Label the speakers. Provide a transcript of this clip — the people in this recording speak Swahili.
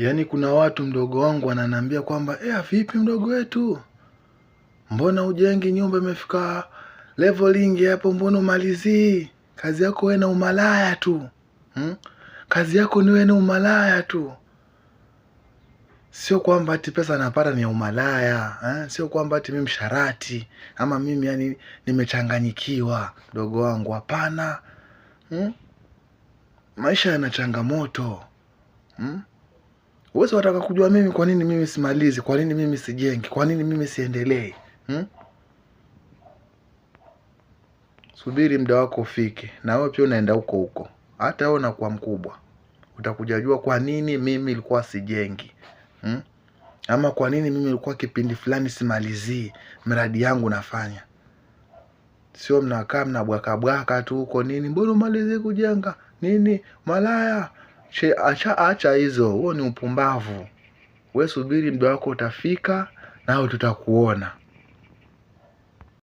Speaker 1: yaani kuna watu mdogo wangu wananiambia kwamba eh, vipi mdogo wetu, mbona ujengi nyumba imefika leveling hapo, mbona umalizii? Kazi yako wewe na umalaya tu hmm? Kazi yako ni wewe na umalaya tu, sio kwamba ati pesa napata ni umalaya eh? Sio kwamba ati mimi msharati ama mimi yani nimechanganyikiwa, mdogo wangu, hapana hmm? Maisha yana changamoto hmm? Wewe unataka kujua mimi kwa nini mimi simalizi, kwa nini mimi sijengi, kwa nini mimi siendelee? Hmm?
Speaker 2: Subiri muda wako ufike, na wewe pia unaenda huko huko. Hata wewe unakuwa mkubwa, utakuja jua kwa nini mimi ilikuwa sijengi. Hmm? Ama kwa nini mimi ilikuwa kipindi fulani simalizii mradi yangu nafanya. Sio mnakaa bwaka tu huko nini, mbona umalizi kujenga nini, malaya che, acha acha hizo, huo ni upumbavu. We subiri muda wako utafika, nao tutakuona.